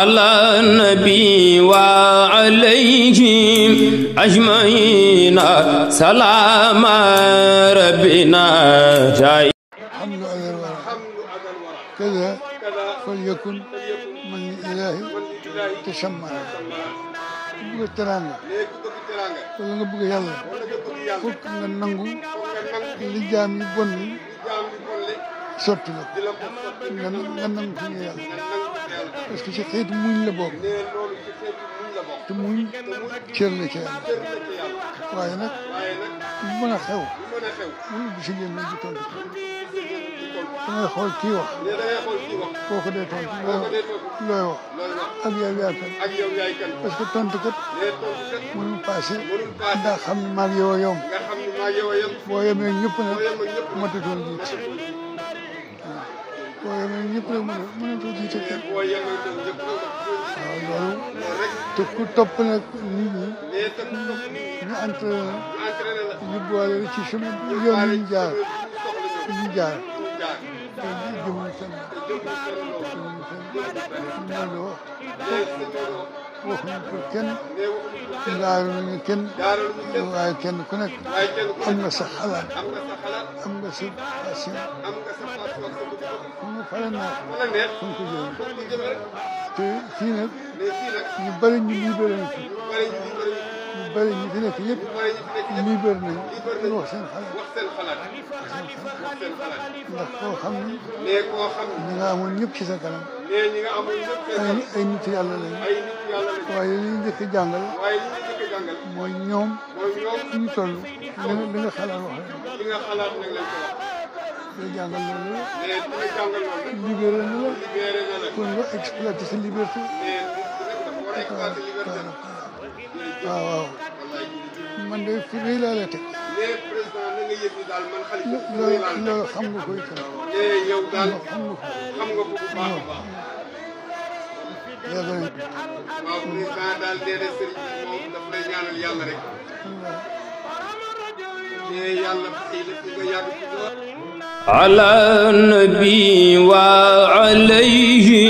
على النبي وعليهم أجمعين سلام ربنا جاي حمل على الورى كذا فليكن من إله تشمع بقى ترانا يلا يلا parce que ci xeetu muñ la bokk. te muñ cër la ca yàlla. waaye nag lu mën a xew. muñ bu si ngeen mën di tontu. da ngay xool kii wax. boo ko dee tontu looy wax. ak yow yaay kan. parce que tontu kat. mënuñ passé. ndax xam ne maa ngi yow a yomb. boo yemee ñëpp nag motatuñ jiit. waaye nag ñëpp nag mën mën ko jiite kenn waaw loolu te ku topp nag nit ñi ñu entraîné la ñu boole ci sama yoon yi ñu jaar ñu jaar te jëmul seen loolu وكن كن كن كن أما سحلا أما سب أسيم كن فلنا كن كجيم تينك يبرن يبرن ñu bëri ñu fi nekk yëpp ñu bëri nañ ñu wax seen xalaat wax seen xalaat ndax koo xam ne nee koo xam ne ñi nga amoon ñëpp ci sa kanam nee ñi nga amoon ñëpp ay ay nit yàlla lañ ay nit yàlla lañ waaye li ñu njëkk a jàngal waaye li ñu njëkk a jàngal mooy ñoom mooy ñoom ñu toll li nga xalaat wax li nga xalaat nag lañ ko wax nga jàngal loolu nee nga jàngal loolu libéré na la libéré na la kon nga exploité sa liberté على النبي وعليه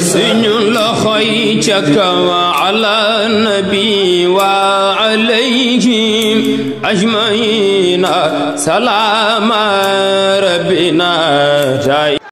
سن الله خيرك وعلى النبي وعليهم أجمعين سلام ربنا جاي